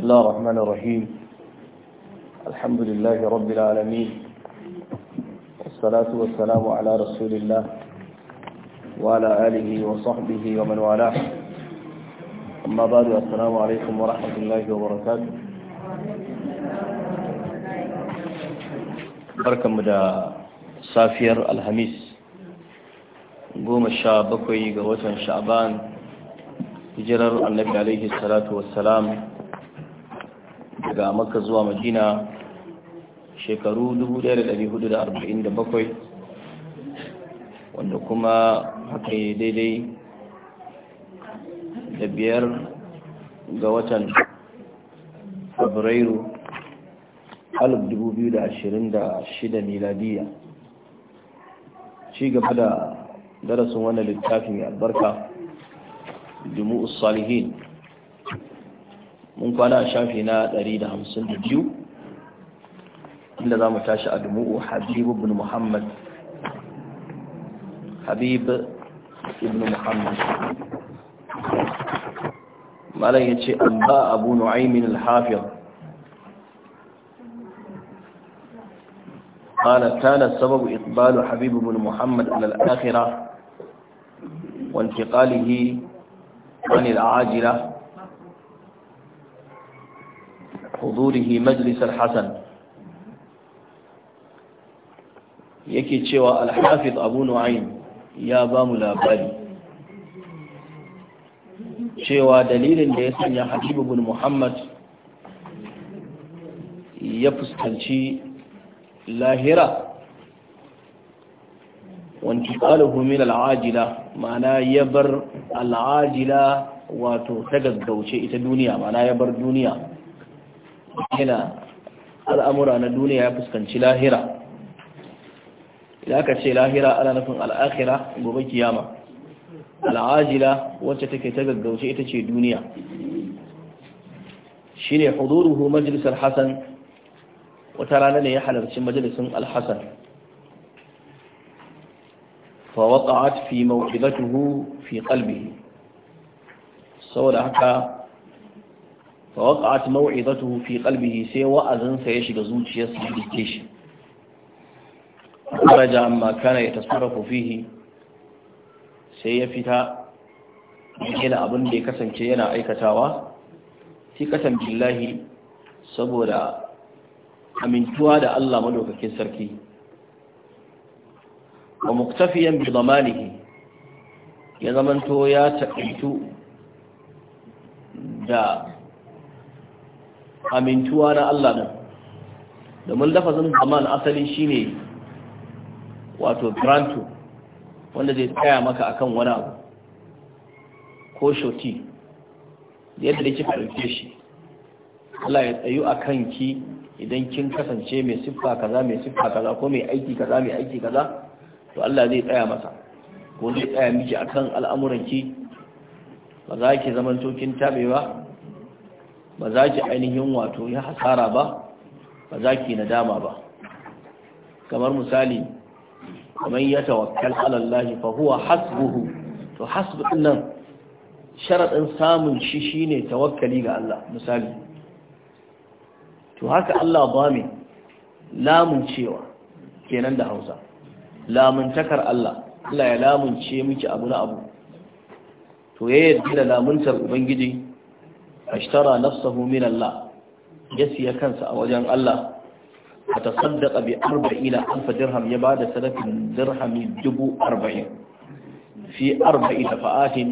بسم الله الرحمن الرحيم الحمد لله رب العالمين والصلاة والسلام على رسول الله وعلى آله وصحبه ومن والاه أما بعد السلام عليكم ورحمة الله وبركاته بركة مدى سافير الهميس قوم الشعب بكوي قوة شعبان hijirar النبي عليه الصلاة والسلام daga maka zuwa madina shekaru 1447 wanda kuma haka yi daidai da biyar ga watan fabrairu 2026 miladiya ci gaba da darasin wannan littafi mai albarka jumu'us salihin mun kwana a shafi na 152 inda za mu tashi a dumu'u habib ibn muhammad habib ibn muhammad malam ya ce an ba abu nu'aimin al-hafiyar قال كان السبب إقبال حبيب بن محمد على الآخرة وانتقاله عن العاجلة حضوره مجلس الحسن yake cewa alhafiz abu nu'aym ya bamu mu labari cewa dalilin da ya sanya habibu bin muhammad ya fuskanci lahira wanti ƙalahu min al'ajila ya bar al'ajila wato ta gaggauce ita duniya ma'ana ya bar duniya yana al'amura na duniya ya fuskanci lahira idan aka ce lahira ana nufin al'akira gobe kiyama al'ajila wacce take ta gaggauce ita ce duniya shi ne huduruhu majalisar hassan wata rana ne ya halarci majalisun al-hassan فوقعت في موعظته fi قلبه saboda haka fa waqa'at maw'izatuhu fi qalbihi sai wa'azin sa ya shiga zuciyarsa ya dike shi kharaja amma kana yatasarrafu fihi sai ya fita yana abin da ya kasance yana aikatawa tikatan billahi saboda amintuwa da Allah madaukakin sarki wa muktafiyan bi zamanihi ya zamanto ya taƙaitu da amintuwa na Allah Da domin lafazin zaman asali shine wato granto wanda zai tsaya maka akan wani abu ko shoti yadda da kika ɗauke shi Allah ya tsayu a ki idan kin kasance mai siffa kaza mai siffa kaza ko mai aiki kaza mai aiki kaza to Allah zai tsaya masa ko zai tsaya miki akan al'amuranki ba za ki zama kin tabe ba ba za ki ainihin wato ya hasara ba ba za ki nadama ba kamar misali kamar ya tawakkal alallahi fa huwa hasbuhu to hasbu nan sharaɗin samun shi shine tawakkali ga Allah misali to haka Allah ba mai lamun cewa kenan da Hausa lamuntakar Allah Allah ya lamun lamunce miki abu na abu to ya yarda da lamuntar ubangiji ashtara nafsahu min Allah ya siya kansa a wajen Allah a tasaddaqa bi 40000 dirham ya ba bada sadakin dirhami arba'in, fi 40 fa'atin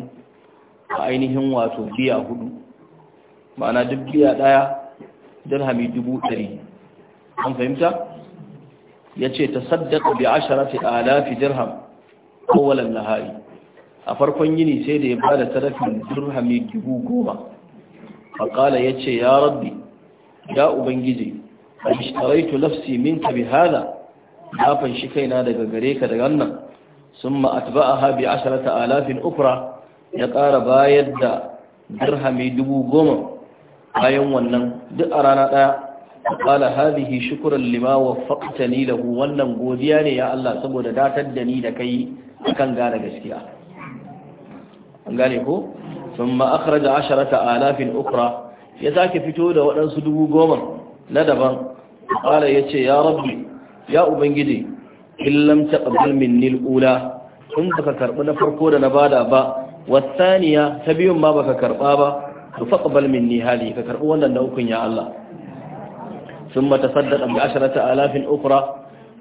a ainihin wato biya hudu ma'ana duk biya daya dirhami dari. an fahimta ya yace tasaddaqa bi 10000 dirham awwalan nahari a farkon yini sai da ya ba bada sadakin dirhami goma. faƙala ya ce ya rabbi ya ubangiji a ishtaraitu min ka bi hada na fanshi kaina daga gare ka daga nan sun ma'atba'aha bi asharata alafin ukra ya ƙara bayar da dirhami dubu goma bayan wannan duk a rana ɗaya faƙala hadihi shukuran lima wa ni lahu wannan godiya ne ya Allah saboda datar da ni da kai akan gane gaskiya an gane ko sun ma'akarar da asharata a alafin ukra ya sake fito da waɗansu dubu goma na daban ƙwalar ya ce ya rabbi ya ubangiji illam ta ƙabar min nil'ula sun baka karɓi na farko da na bada ba wasaniya ta biyun ma baka karɓa ba su faƙabar min ka karɓi wannan na ukun ya Allah sun mata sadda ɗabi asharata a alafin ukra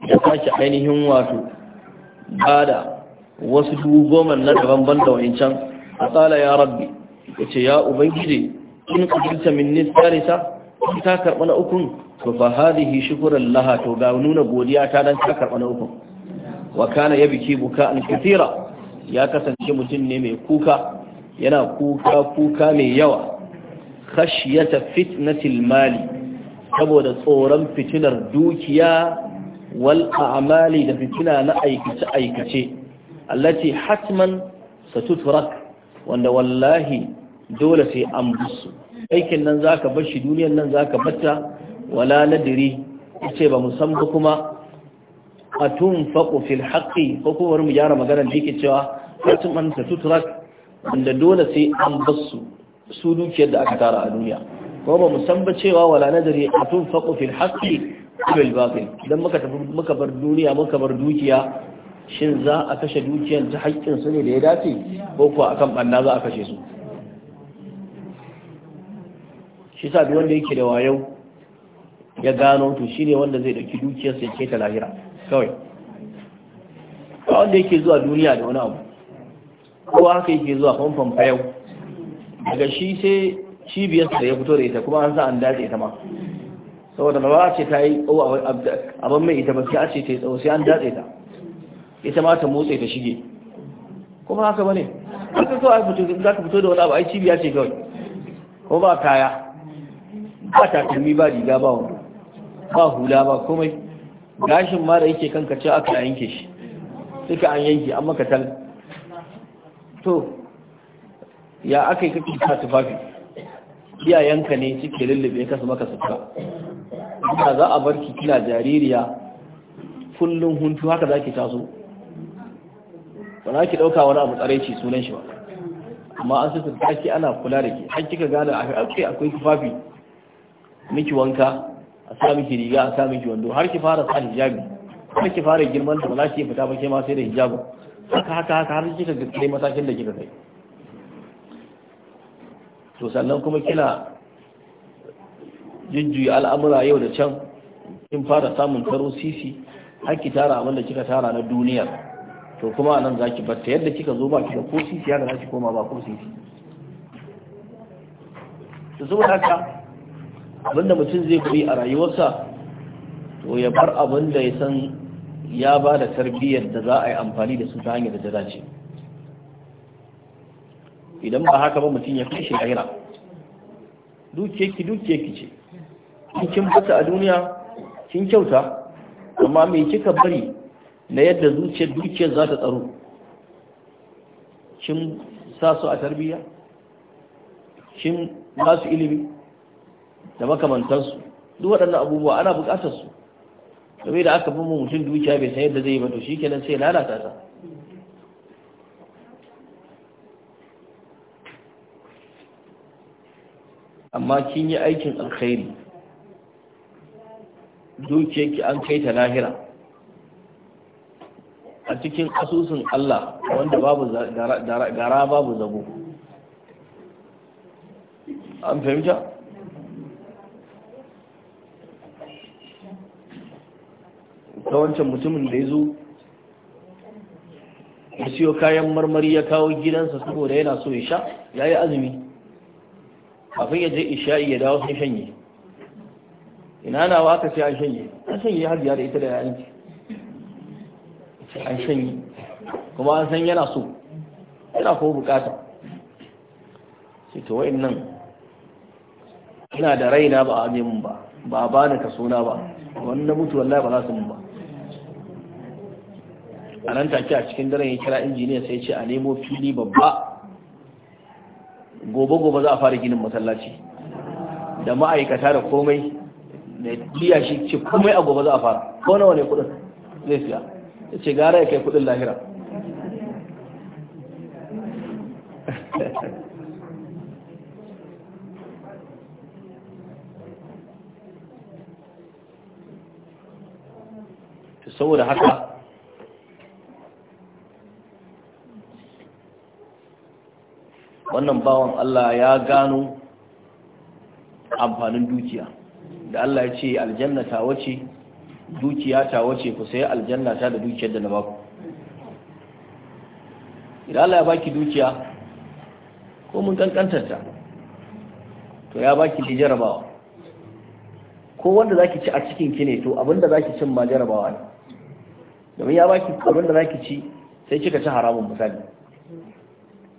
ya sake ainihin wato bada wasu dubu goma na daban ban da wancan qala ya rabbi yace ya ubangiji in qabilta minni tharisa in ta karba na ukun to fa hadhihi shukran laha to ga nuna godiya ta dan ta karba na ukun wa kana buka an kathira ya kasance mutum ne mai kuka yana kuka kuka mai yawa khashyata fitnatil mali saboda tsoron fitinar dukiya wal a'mali da fitina na aikace aikace allati hatman satutrak wanda wallahi dole sai an busu aikin nan zaka bar shi duniyar nan za ka batta wala nadiri ce ba musamman kuma atun faqu fil haqqi ko kuma mu gyara maganar da yake cewa an man tutrak wanda dole sai an basu su dukiyar da aka tara a duniya ko ba musamman cewa wala nadiri atun faqu fil haqqi bil batil dan muka tafi muka bar duniya muka bar dukiya shin za a kashe dukiyar ta haƙƙin su ne da ya dace ko kuwa akan ɓanna za a kashe su shi sa wanda yake da wayau ya gano to ne wanda zai ɗauki dukiyar ya ke ta lahira kawai ba wanda yake zuwa duniya da wani abu ko haka yake zuwa famfan fayau daga shi sai cibiyar da ya fito da ita kuma an sa an dace ita ma saboda ba a ce ta yi oh, abin mai ita ba sai a ce ta yi tsawo sai an dace ta ita ma ta motsa ta shige kuma haka bane haka so ai fito za ka fito da wani abu ai cibiya ce kawai ko ba kaya ba takalmi ba riga ba wani ba hula ba komai gashin ma da yake kanka ce aka yanke shi suka an yanke an maka tal to ya aka yi kake ka tufafi iyayenka ne suke lullube kasu maka sutura ina za a ki, kina jaririya kullum huntu haka za ki taso ba za ki ɗauka wani abu tsaraici sunan shi ba amma an sassa ta ake ana kula da ke har kika gane a kai akwai tufafi miki wanka a sa miki riga a sa miki wando har ki fara sa hijabi har ki fara girman da ba za ki fita ba ke ma sai da hijabin haka haka haka har kika ga kai matakin da kika kai to sannan kuma kina jujjuyi al'amura yau da can kin fara samun taro sisi har ki tara abin da kika tara na duniyar to kuma a nan za ki batta yadda kika zo ba kika ko sisi haka za ki koma ba ko sisi to saboda haka abinda mutum zai kuri a rayuwarsa to ya bar abin ya san ya ba da tarbiyyar da za a yi amfani da su ta hanyar da ta dace idan ba haka ba mutum ya kai shi ki duke ki ce kin bata a duniya kin kyauta amma me kika bari na yadda zuciyar dukiyar za ta tsaro kin sa su a tarbiyya kin ba su ilimi da makamantansu duk waɗannan abubuwa ana buƙatar su domin da aka bin mutum dukiya bai san yadda zai yi ba to shikenan sai lalata ta amma kin yi aikin alkhairi dukiyarki an kai ta lahira a cikin asusun Allah wanda babu gara babu zabo an fahimta ta wancan mutumin da ya zo ya siyo kayan marmari ya kawo gidansa saboda yana so ya sha ya yi azumi kafin ya je isha'i ya dawo sun shanye ina wa aka sai an shanye an shanye har biya da ita da yayanci sai an yi kuma an san yana so yana ko bukata sai to wa'in nan ina da raina ba a min ba ba ba ni ka suna ba wanda mutu wallahi ba za su mun ba a nan take a cikin daren ya kira injiniya sai ce a nemo fili babba gobe-gobe za a fara ginin masallaci da ma'aikata da komai da biya shi ce komai a gobe za a fara ko nawa ne kudin zai siya ya ce gara ya kai kudin lahira saboda haka wannan bawan Allah ya gano amfanin dukiya da Allah ya ce aljanna ta wace dukiya ta wace ku sai aljanna ta da dukiyar da na baku idan Allah ya baki dukiya ko mun kankantar ta to ya baki ki jarabawa ko wanda zaki ci a cikin ki ne to abinda zaki cin ma jarabawa ne domin ya baki abinda zaki ci sai kika ci haramun misali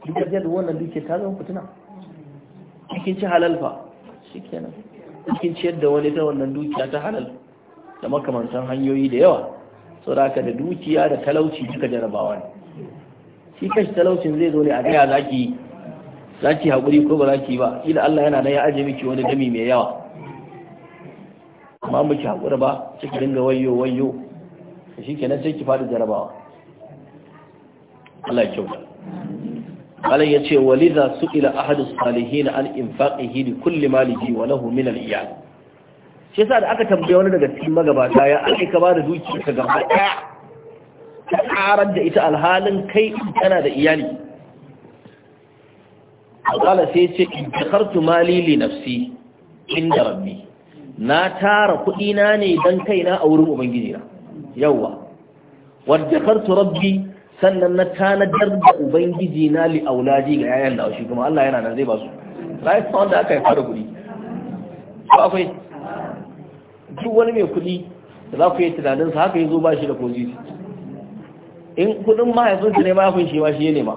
duk da wannan dukiya ta zama fitina kin ci halal fa shikenan kin ci yadda wani ta wannan dukiya ta halal da makamantan hanyoyi da yawa sau da aka da dukiya da talauci duka jarabawa ne shi kashi talaucin zai zo ne a gaya zaki zaki haƙuri ko ba zaki ba ila Allah yana da ya aje miki wani gami mai yawa amma miki haƙura ba ciki dinga wayo wayo da shi kenan sai ki faɗi jarabawa Allah ya kyauta Allah ya ce walidha su'ila ahadu salihin an infaqihi li kulli malihi wa lahu min al-iyal shi yasa da aka tambaye wani daga cikin magabata ya aka ka ba da zuciya ka gaba ɗaya ta da ita alhalin kai tana da iyali alƙala sai ce in takartu mali li nafsi inda rabbi na tara kuɗina ne don kaina a wurin ubangiji na yawwa wadda kartu rabbi sannan na tanadar da ubangiji na li aulaji ga yayan da shi kuma Allah yana nan zai ba su life fund da aka yi fara kuɗi ko akwai duk wani mai kuɗi da za ku yi tunanin sa haka ya zo ba shi da kozi in kuɗin mahaifinsa ne mahaifin shi ma shi ya nema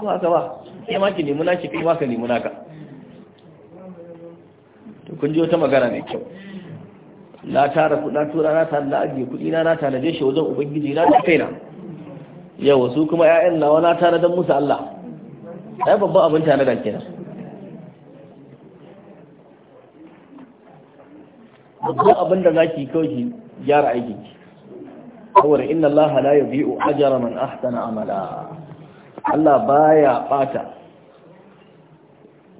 ko haka ba ya ma ki nemi naki kai ma ka nemi naka to kun ji wata magana mai kyau na tara kudin tura na tara na ajiye kuɗi na na je shi wajen ubangiji na ta kaina Yau wasu kuma 'ya'yan nawa na tara don musu Allah ai babban abin da kenan duk abin da zaki kawai ki gyara aikin ki saboda inna Allah la yudhi'u ajra man ahsana amala Allah baya bata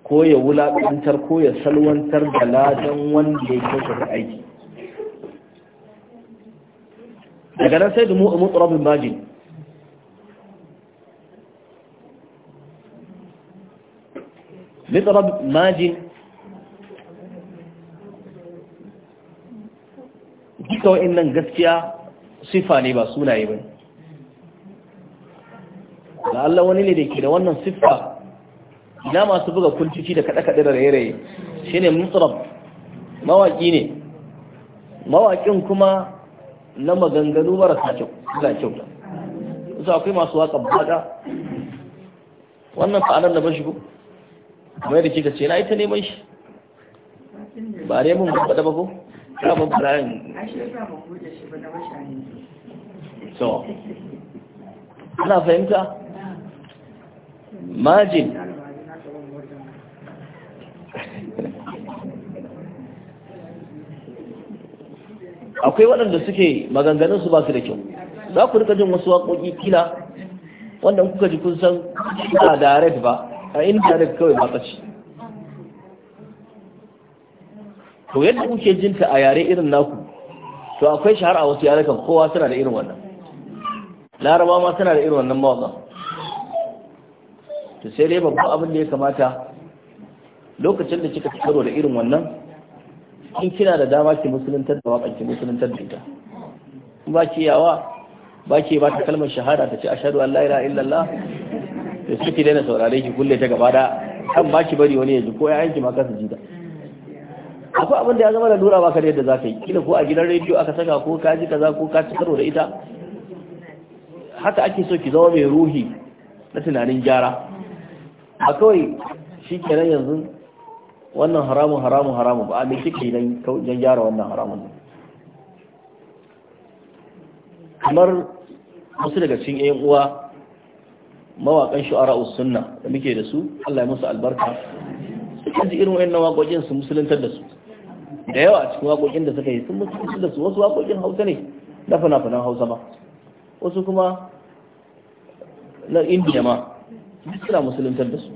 ko ya wulakantar ko ya salwantar da ladan wanda ya kyautata aiki daga nan sai da mu mutrabin majin mutrab majin duka wa'annan gaskiya sifa ne ba sunaye ba da Allah wani ne da ke da wannan siffa ina masu buga kulciki da kaɗe-kaɗe da raye-raye shi ne mutsurab mawaƙi ne mawaƙin kuma na maganganu marasa kyau suna kyau akwai masu waƙa baga wannan fa'anar da bashi ko kuma yadda kika ce na ita neman shi ba ne mun faɗa ba ko kama so ana fahimta majin akwai waɗanda suke maganganun su ba su da kyau za ku rika jin wasu waƙoƙi kila wanda kuka ji kun san ba direct ba a direct kawai ba ta to yadda kuke jinta a yare irin naku to akwai shahar a wasu yarukan kowa suna da irin wannan laraba ma suna da irin wannan mawaƙa to sai dai babban abin da ya kamata lokacin da kika karo da irin wannan in kina da dama ki musuluntar da waƙa ki musuluntar da ita ba ki yawa ba ki ba ta kalmar shahada ta ce ashhadu an la ilaha illallah to suke daina saurare ki kulle ta gaba da kan ba ki bari wani ya ji ko ya yanki ma kasa ji akwai abin da ya zama lalura ba ka da yadda za ka yi kila ko a gidan rediyo aka saka ko ka ji kaza ko ka ci karo da ita haka ake so ki zama mai ruhi na tunanin gyara a kawai shi kenan yanzu wannan haramun haramun haramun ba a mai shi kenan kawai gyara wannan haramun kamar wasu daga cikin yan uwa mawakan shu'ara usunna da muke da su Allah ya musu albarka suka ji irin wayannan waƙoƙin su musulunta da su da yawa cikin waƙoƙin da suka yi sun mutu da su wasu waƙoƙin hausa ne na fina-finan hausa ba, wasu kuma na indiya ma suna musuluntar da su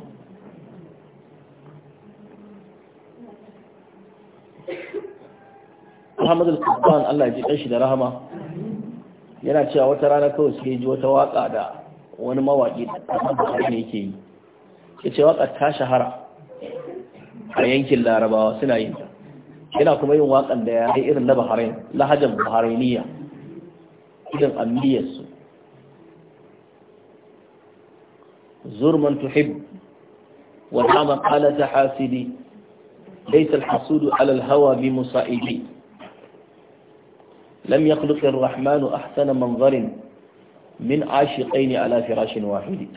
Muhammadu al-Qurban Allah ji ɗan shi da rahama yana cewa wata rana kawai sai ji wata waka da wani mawaƙi da Buhari ne yake yi ya ce waƙa ta shahara a yankin Larabawa suna yin ta yana kuma yin waƙan da ya yi irin na bahrain lahajar bahrainiya irin amniyarsu zurman tuhib ta hasidi والحام قال حاسدي ليس الحسود lam ya بمصائبي rahmanu a الرحمن manzarin min من عاشقين a lafirashin wahidi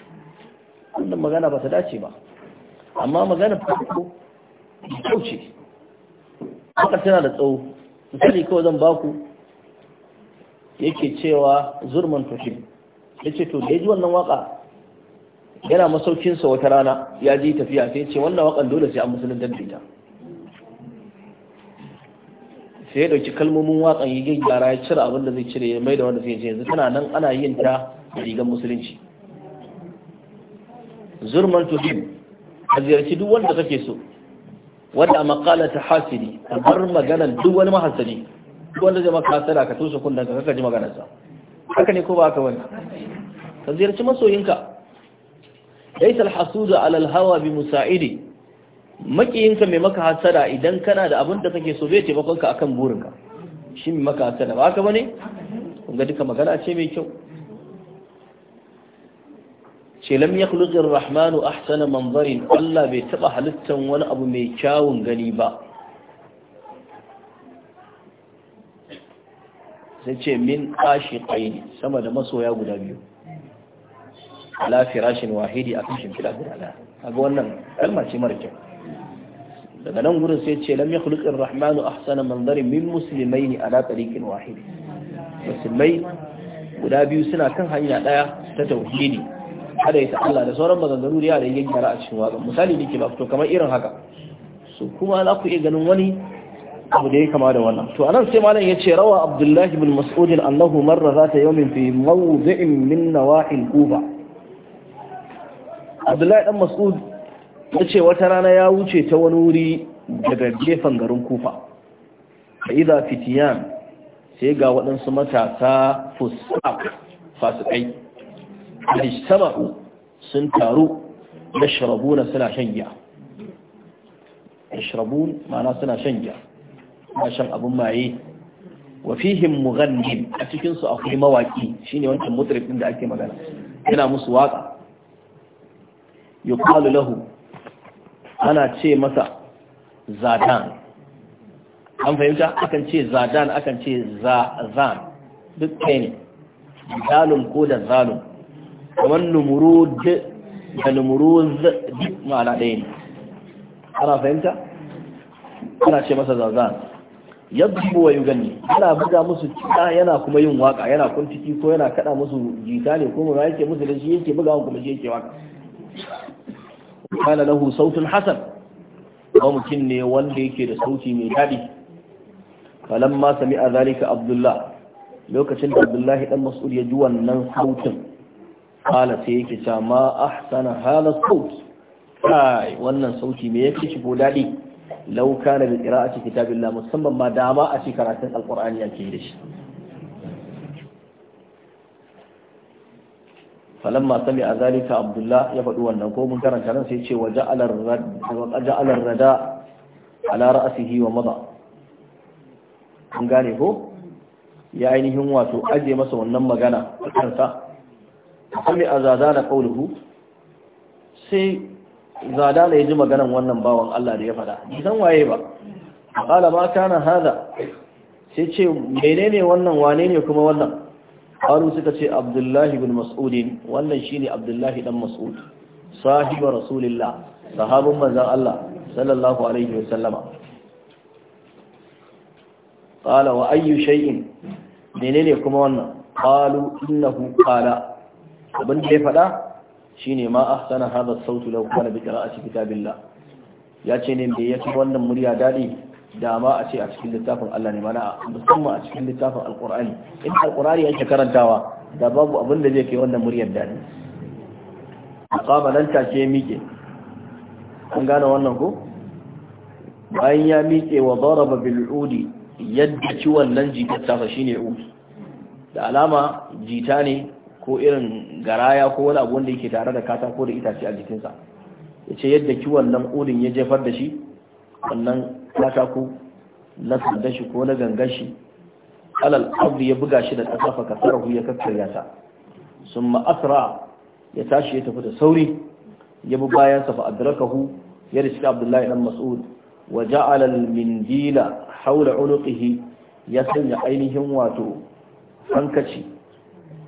wannan magana ba ta dace ba amma magana ta farko kyau ce haka tana da tsawo misali kawai zan baku yake cewa zurman tushin ya ce to da ya ji wannan waka yana masaukinsa wata rana ya ji tafiya sai ce wannan wakan dole sai an musulun ta. sai ya dauki kalmomin wakan yi gyara ya cire abinda zai cire ya maida wanda zai ce yanzu tana nan ana yin ta rigar musulunci zurman tuhim a ziyarci duk wanda kake so wadda maqala ta a kamar maganar duk wani mahasadi duk wanda zai maka hasada ka tusa kundan ka kaka ji maganar sa haka ne ko ba ka wani ka ziyarci masoyinka Ya yi hasudu da alalhawa bi musa'idi makiyinka mai maka hasada idan kana da abin da kake so bai taimakonka akan burinka shi mai maka hasada ba ka bane kun ga duka magana ce mai kyau ce lam yakhluqir rahmanu ahsana manzarin Allah bai taɓa halittan wani abu mai kyawun gani ba sai ce min ƙashi ƙaini sama da masoya guda biyu ala firashin wahidi a kashin fila guda daya ga wannan kalma ce mara kyau daga nan gurin sai ce lam yakhluqir rahmanu ahsana manzarin min muslimaini ala tariqin wahidi musulmai guda biyu suna kan hanya daya ta tauhidi kada ya Allah da sauran maganganu da yara yin gyara a cikin waƙa misali nake ba to kamar irin haka su kuma za ku iya ganin wani abu da ya kama da wannan to anan sai malam ce rawa abdullahi bin mas'ud annahu marra zata yawmin fi mawdi'in min nawahil quba abdullahi dan mas'ud yace wata rana ya wuce ta wani wuri daga gefen garin kufa fa idza fitiyan sai ga waɗansu matasa fusak fasikai alistama'u sun taru yashrabuna suna shan giya yashrabun ma'ana suna shan giya suna shan abun maye wa fihim mughannin a cikin su akwai mawaki shine wancan mutrif din da ake magana yana musu waka yuqalu lahu ana ce masa zadan an fahimta akan ce zadan akan ce zan. duk kai ne zalun ko da zalum kamar numurud da numuruz duk ma'ana ɗaya ne ana fahimta ana ce masa zazan yadda wa yuganni yana buga musu cika yana kuma yin waka yana kuntiki ko yana kaɗa musu jita ne ko ya ke musu da shi yake buga wa kuma shi yake waka kana lahu sautin hasan ba mutum ne wanda yake da sauti mai daɗi falamma sami'a zalika abdullah lokacin da abdullahi dan mas'ud ya ji wannan sautin kala sai yake ta ma ahsana hala saut kai wannan sauti me yake shigo dadi law kana bi qira'ati kitabillah musamman ma dama a cikin karatun alqur'ani yake da shi falamma sami azalika abdullah ya faɗi wannan ko mun karanta nan sai ce wa ja'alar rada ala ra'asihi wa maza an gane ko ya ainihin wato aje masa wannan magana kansa sami a zadana qauluhu sai zadana ya ji maganan wannan bawan Allah da ya fada san waye ba qala ma na hada sai ce menene wannan wane ne kuma wannan qalu suka ce abdullahi bin mas'ud wannan shine abdullahi dan mas'ud sahibi rasulillah sahabin manzon Allah sallallahu alaihi wa sallama Ƙala, wa ayyu shay'in menene kuma wannan qalu innahu qala abin da ya faɗa shi ne ma ahsana hadha sautu law kana bi qira'ati kitabillah ya ce ne me yafi wannan murya daɗi? da ma a ce a cikin littafin Allah ne mana musamman a cikin littafin Alƙur'ani? in Alƙur'ani yake karantawa da babu abin da zai ke wannan muryar dadi qama nan take miƙe an gane wannan ko bayan ya miƙe wa daraba bil udi yadda ciwon nan jikin tafa shine udi da alama jita ne ko irin garaya ko wani abu wanda yake tare da katako da itace a jikinsa ya ce yadda kiwon nan odin ya jefar da shi wannan katako na sanda shi ko na gangan shi alal abu ya buga shi da ƙasa fa kasarahu ya kakkarya ta sun ma'asra ya tashi ya tafi da sauri ya bi bayansa fa adrakahu ya rishi abdullahi dan mas'ud wa ja'ala al-mindila hawla unuqihi ya sanya ainihin wato hankaci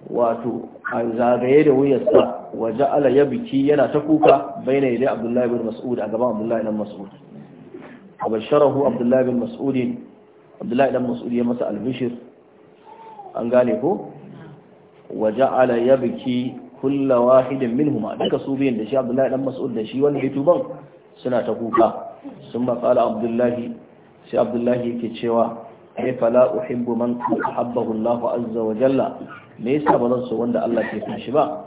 wato a zagaye da wuyarsa waje ala ya biki yana ta kuka bai na yadda abdullahi bin mas'ud a gaban abdullahi dan mas'ud a basharahu abdullahi bin mas'ud abdullahi dan mas'ud ya masa albishir an gane ko waje ala ya biki kulla wahidin minhuma duka su biyan da shi abdullahi dan mas'ud da shi wani ya suna ta kuka sun matsala abdullahi sai abdullahi yake cewa ai fala uhibbu man ahabbahu Allah azza wa jalla me yasa ba zan so wanda Allah ke son shi ba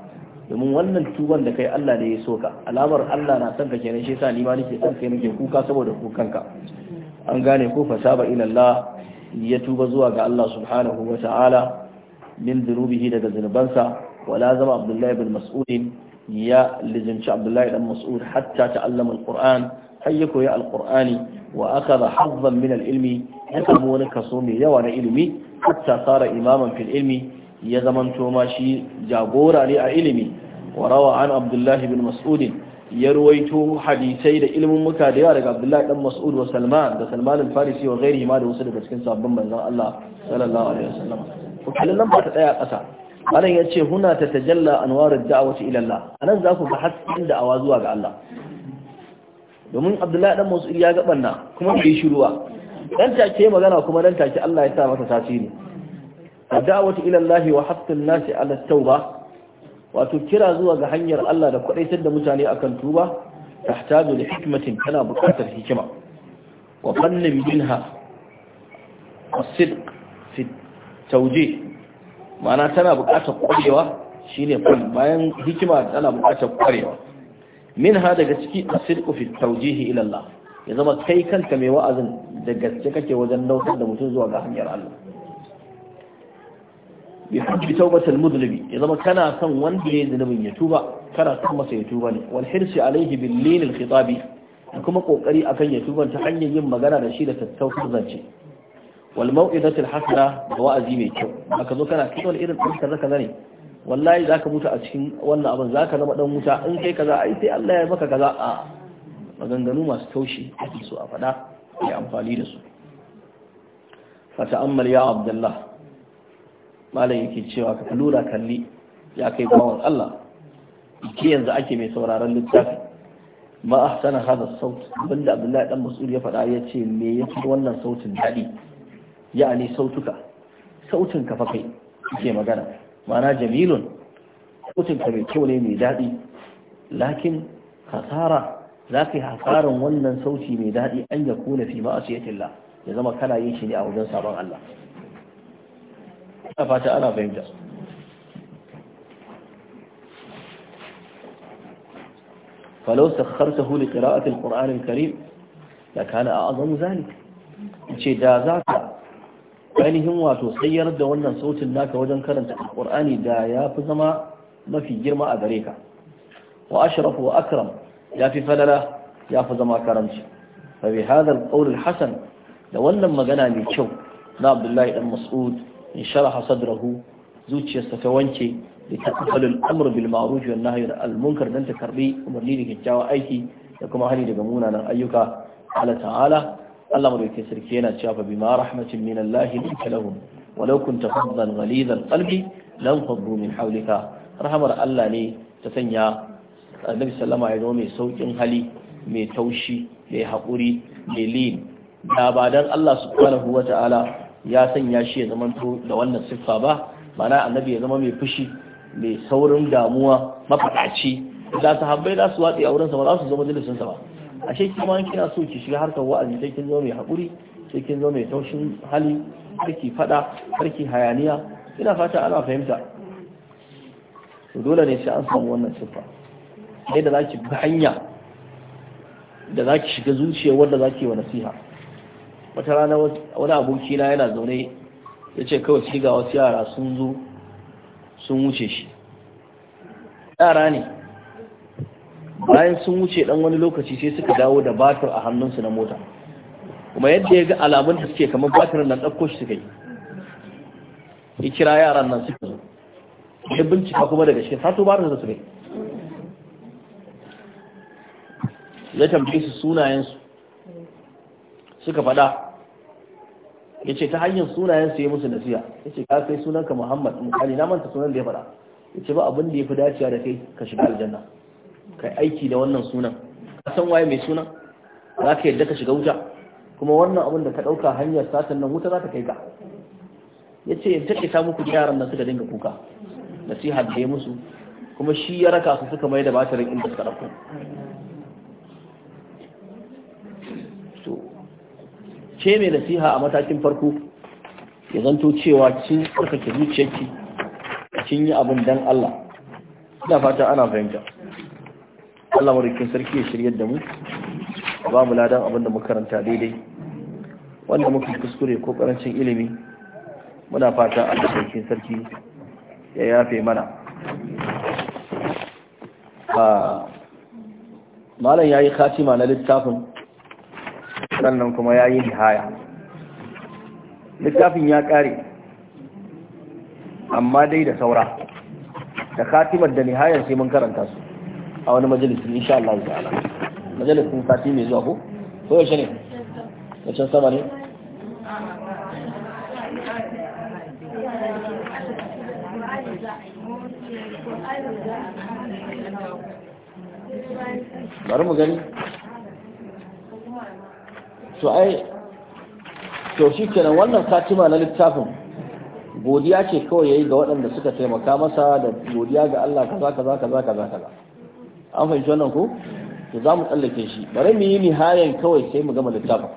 domin wannan tuban da kai Allah ne ya so ka alamar Allah na son ka kenan shi yasa ni ma nake son kai nake kuka saboda kukanka an gane ko fasaba ila Allah ya tuba zuwa ga Allah subhanahu wa ta'ala min dhunubihi daga zunubansa wala zama Abdullahi bin Mas'ud ya lizimci Abdullahi dan Mas'ud hatta ta'allama al-Qur'an har ya koyi alƙur'ani wa aka hazzan min minal ilmi ya samu wani kaso mai yawa na ilimi hatta sara imaman fil ilmi ya zamanto ma shi jagora ne a ilimi wa rawa an abdullahi bin mas'udin ya ruwaito hadisai da ilimin muka da yawa daga abdullahi dan mas'ud wa salman da salman al-farisi wa ghairihi ma da wasu daga cikin sabbin manzon Allah sallallahu alaihi wasallam ko kallon ba ta tsaya kasa anan ya ce huna ta tajalla anwarar da'awati ila Allah anan za ku ga hasken da'awa zuwa ga Allah domin abdullahi dan mas'ud ya ga banna kuma bai shiruwa dan take magana kuma dan take Allah ya sa masa tasiri da'watu ila Allah wa hattu an-nas ala tauba wato kira zuwa ga hanyar Allah da kwadaitar da mutane akan tuba tahtaju li hikmatin kana buƙatar hikima wa fannin minha as-sidq fi tawjih ma'ana tana buƙatar kwarewa shine bayan hikima tana buƙatar kwarewa min ha daga ciki a sirku fi taujihi ilallah ya zama kai kanka mai wa'azin da gaske kake wajen nautar da mutum zuwa ga hanyar Allah bi hubbi tawbatul mudlibi ya zama kana son wanda ya zunubin ya tuba kana son masa ya tuba ne wal hirsi alaihi bil linil khitabi kuma kokari akan ya tuba ta hanyar yin magana da shi da tattaukar zance wal mau'izatil hasana da wa'azi mai kyau aka zo kana kiwon irin ɗin kaza kaza ne wallahi zaka mutu a cikin wannan abin ka zama dan wuta in kai kaza ai sai Allah ya maka kaza a maganganu masu taushi ake so a faɗa ya amfani da su fata'ammal ya abdullah malam yake cewa ka lura kalli ya kai bawan Allah ke yanzu ake mai sauraron littafi ma ahsana hada saut abinda abdullahi dan mas'ud ya faɗa ya ce me ya wannan sautin daɗi ya'ani sautuka sautin ka fa kai ke magana معناه جميل قتل فبيتشو لي ميدادي لكن خسارة لكن خسارة ولن صوتي ميدادي أن يكون في معصيه الله يزم كان يشني أو جنسى بغى الله فاتح أنا فهمت فلو سخرته لقراءة القرآن الكريم لكان أعظم ذلك إن شيء دازاتها ainihin wato tsayar da wannan sautin naka wajen karanta alqur'ani da ya fi zama mafi girma a gare ka wa ashrafu wa akram ya fi falala ya fi zama karanci fa bi hadha alqawl da wannan magana mai kyau na Abdullahi dan Mas'ud in sharaha sadrahu zuciyarsa ta wanke da ta kafalu al'amur bil ma'ruf wal nahy al munkar dan ta karbi umarni da kyakkyawar aiki da kuma hani daga munanan ayyuka Allah ta'ala Allah madaukakin sarki yana cewa fa bima rahmatin min Allah laka lahum walau kunta faddan ghalidhal qalbi lam faddu min hawlika rahmar Allah ne ta sanya Annabi sallama ya zama mai saukin hali mai taushi mai haƙuri mai lin da ba dan Allah subhanahu wata'ala ya sanya shi ya zama da wannan siffa ba mana annabi ya zama mai fushi mai saurin damuwa mafadaci da sahabbai za su watsi a wurinsa ba za su zo majalisinsa ba ashe kuma yake kina so ki shiga harkar wa'azi sai kin zo mai haƙuri sai kin zo mai taushin hali harki fada harki hayaniya ina fata ana fahimta to dole ne sai an samu wannan siffa sai da zaki bi hanya da zaki shiga zuciyar wanda zaki wa nasiha wata rana wani aboki na yana zaune ya ce kawai shiga ga wasu yara sun zo sun wuce shi yara ne bayan sun wuce dan wani lokaci sai suka dawo da batir a hannunsu na mota kuma yadda ya ga alamun da suke kamar batirin nan ɗauko shi suka yi ya kira yaran nan suka zo ya bincika kuma daga shi sato batir da suka yi zai tambaye su sunayensu suka faɗa ya ce ta hanyar sunayensu ya musu nasiya ya ce ka kai sunanka muhammad mukali na manta sunan da ya faɗa ya ce ba abin da ya fi dacewa da kai ka shiga aljanna kai aiki da wannan sunan ka san waye mai sunan za ka yadda ka shiga wuta kuma wannan abin da ka ɗauka hanyar satan nan wuta za ta kai ka ya ce in taƙaita muku yaran nan suka dinga kuka Nasiha da ya musu kuma shi ya raka su suka mai da batirin inda suka ɗauko to ce mai nasiha a matakin farko ya zanto cewa kin tsarkake zuciyarki kin yi abin dan Allah ina fata ana fahimta Allah marikin sarki ya shirya da mu ba mu ladan abinda karanta daidai wanda muka kuskure ko karancin ilimi muna fata Allah marikin sarki ya yafe mana malam ya yi khatima na littafin sannan kuma ya nihaya littafin ya kare amma dai da saura da khatimar da nihayar sai mun karanta su a wani majalisi insha Allah ta'ala majalisin sati mai zuwa ko ko yaushe ne Yaushe sama ne bari mu gani to ai to shi kenan wannan katima na littafin godiya ce kawai ya yi ga waɗanda suka taimaka masa da godiya ga Allah kaza kaza kaza kaza kaza an fahimci wannan ko to za mu tsallake shi bari mu yi nihayan kawai sai mu gama littafin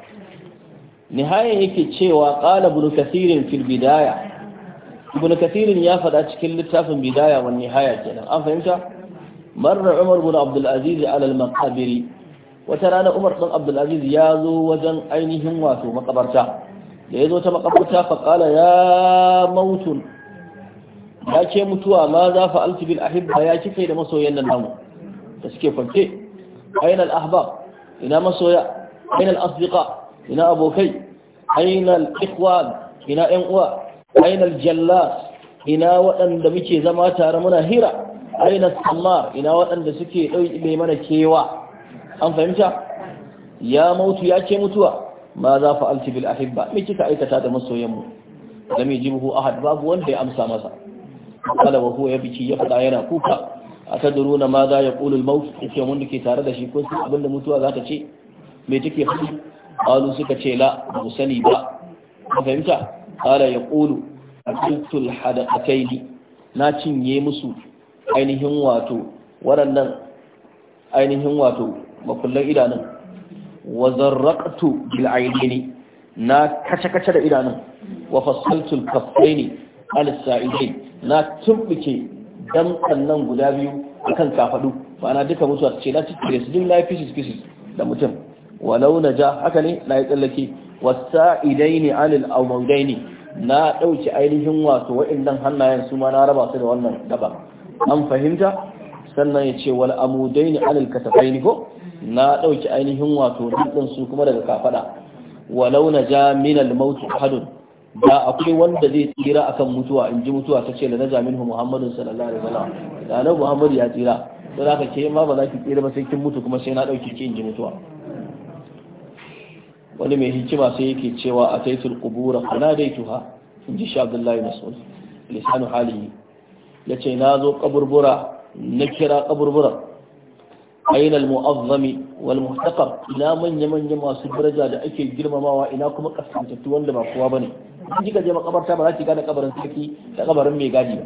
nihayan yake cewa qala ibn kathirin fil bidaya ibn kathirin ya faɗa cikin littafin bidaya wa nihaya kenan an fahimta marra umar ibn abdul aziz ala al maqabiri wata rana umar ibn abdul aziz ya zo wajen ainihin wato makabarta da ya zo ta makabarta fa qala ya mautun ya ke mutuwa ma za fa alti ahibba ya kike da masoyan nan namu da suke kwance aina ahbab ina masoya aina asdika ina abokai aina al ina ƴan uwa aina al-jallas ina waɗanda muke zama tare muna hira aina samar ina waɗanda suke ɗauke mana kewa an fahimta ya mautu ya ce mutuwa ma za fa altibil a ahibba me kika aikata da masoyanmu lam yajibuhu ahad babu wanda ya amsa masa kala wa huwa yabki ya faɗa yana kuka a ta na ma za ya ƙulul maut yake wanda ke tare da shi ko sun abinda mutuwa za ta ce mai take faɗi ƙalu suka ce la ba sani ba ka fahimta ƙala ya ƙulu a tuttul na cinye musu ainihin wato waɗannan ainihin wato makullan idanun wa zarraqtu bil aini na kace kace da idanun wa fassaltu al kaffaini al sa'idain na tumbuke dan nan guda biyu akan kafadu ma'ana duka mutuwa ce na cikin su na fisis da mutum walau na ja haka ne na yi tsallake wasa idai ne anil aumangai ne na ɗauki ainihin wato waɗannan hannayen su ma na raba su da wannan daba an fahimta sannan ya ce wal amudai ne anil katafai ne ko na ɗauki ainihin wato dukkan su kuma daga kafada walau na ja minal mautu hadun da akwai wanda zai tsira akan mutuwa in ji mutuwa ta ce da na jami'in Muhammadu sallallahu alaihi wasallam da na muhammad ya tsira za ka ke ma ba za ki tsira ba sai kin mutu kuma sai na ɗauki ki in ji mutuwa wani mai hikima sai yake cewa a taitul kubura kuna dai tuha in ji shi abdullahi mas'ud lisanu halihi ya ce na zo kaburbura na kira kaburbura aina al-mu'azzami wal ina manya manya masu daraja da ake girmamawa ina kuma kasantattu wanda ba kowa bane in kika je makabarta ba za ki gane kabarin sarki da kabarin mai gadi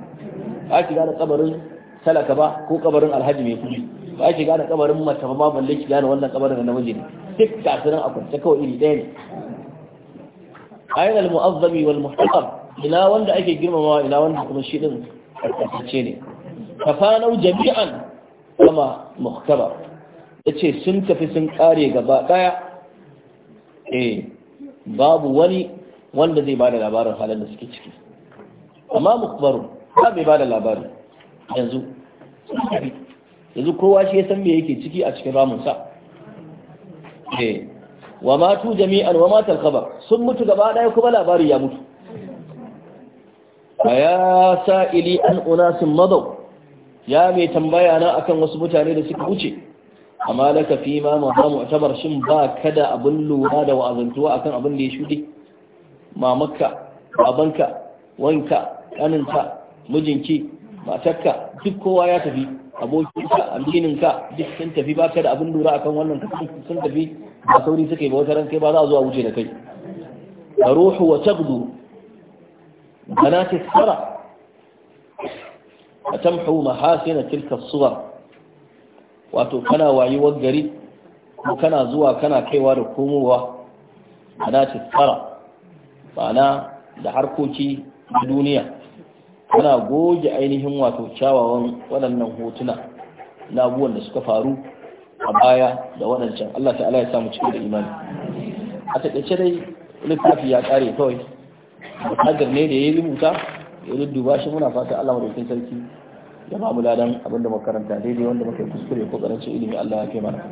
ba ki gane kabarin talaka ba ko kabarin alhaji mai kudi ba ki gane kabarin mace ba ma balle wannan kabarin da namiji ne duk kafirin a kwance kawai iri ɗaya ne ayin ina wanda ake girmamawa ina wanda kuma ne tafanau jami'an sama muhtaba ya ce sun tafi sun kare gaba daya eh babu wani wanda zai bada labarin halin da suke ciki amma mukbaru ba bai bada labarin yanzu yanzu kowa shi ya san me yake ciki a cikin ramunsa eh wa matu jami'an wa matal khabar sun mutu gaba daya kuma labarin ya mutu ya sa'ili an unasin madaw ya mai tambaya na akan wasu mutane da suka wuce amma ka fi ma ma mu'tabar shin ba kada abin lura da wa'azantuwa akan abin da ya shuɗe mamakka babanka wanka kaninka mijinki matarka duk kowa ya tafi abokinka amininka duk sun tafi ba ka da abin lura akan wannan sun tafi ba sauri suka yi ba wata ran kai ba za a zuwa wuce da kai a ruhu wa tagdu banati sara a tamhu mahasina tilka suwar wato kana wayi gari ko kana zuwa kana kaiwa da komowa ana tsara ma'ana da harkoki na duniya kana goge ainihin wato kyawawan waɗannan hotuna na abubuwan da suka faru a baya da waɗancan Allah ta'ala ya samu cikin da imani a taƙaice dai littafi ya ƙare kawai bukatar ne da ya rubuta ya dudduba shi muna fata Allah madaukin sarki jama'a mu ladan abinda makaranta daidai wanda muka kuskure ko karanci ilimi Allah ya kai mana